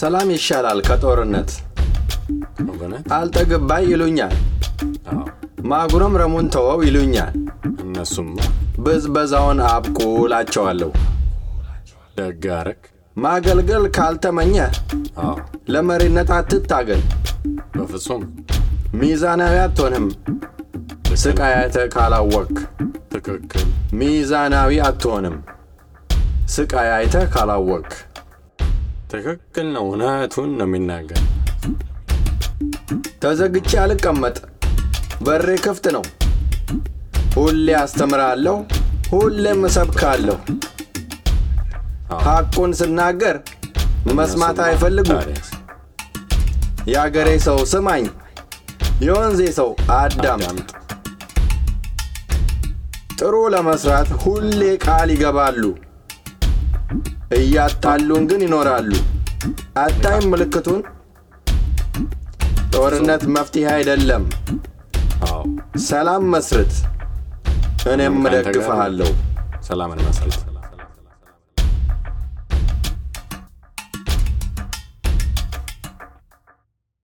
ሰላም ይሻላል ከጦርነት አልጠግባይ ይሉኛል ይሉኛል፣ ማጉረምረሙን ተወው ይሉኛል። እነሱም ብዝበዛውን አብቁ እላቸዋለሁ። ደግ ማገልገል ካልተመኘ ለመሪነት አትታገል። በፍጹም ሚዛናዊ አትሆንም ስቃያተ ካላወክ ትክክል ሚዛናዊ አትሆንም ስቃያይተ ካላወቅ ትክክል ነው። እውነቱን ነው የሚናገር። ተዘግቼ አልቀመጥ፣ በሬ ክፍት ነው። ሁሌ አስተምራለሁ፣ ሁሌም እሰብካለሁ። ሐቁን ስናገር መስማት አይፈልጉም። የአገሬ ሰው ስማኝ፣ የወንዜ ሰው አዳምጥ። ጥሩ ለመስራት ሁሌ ቃል ይገባሉ። እያታሉን ግን ይኖራሉ። አታይም ምልክቱን? ጦርነት መፍትሄ አይደለም። ሰላም መስርት። እኔም እደግፍሃለሁ። ሰላምን መስርት።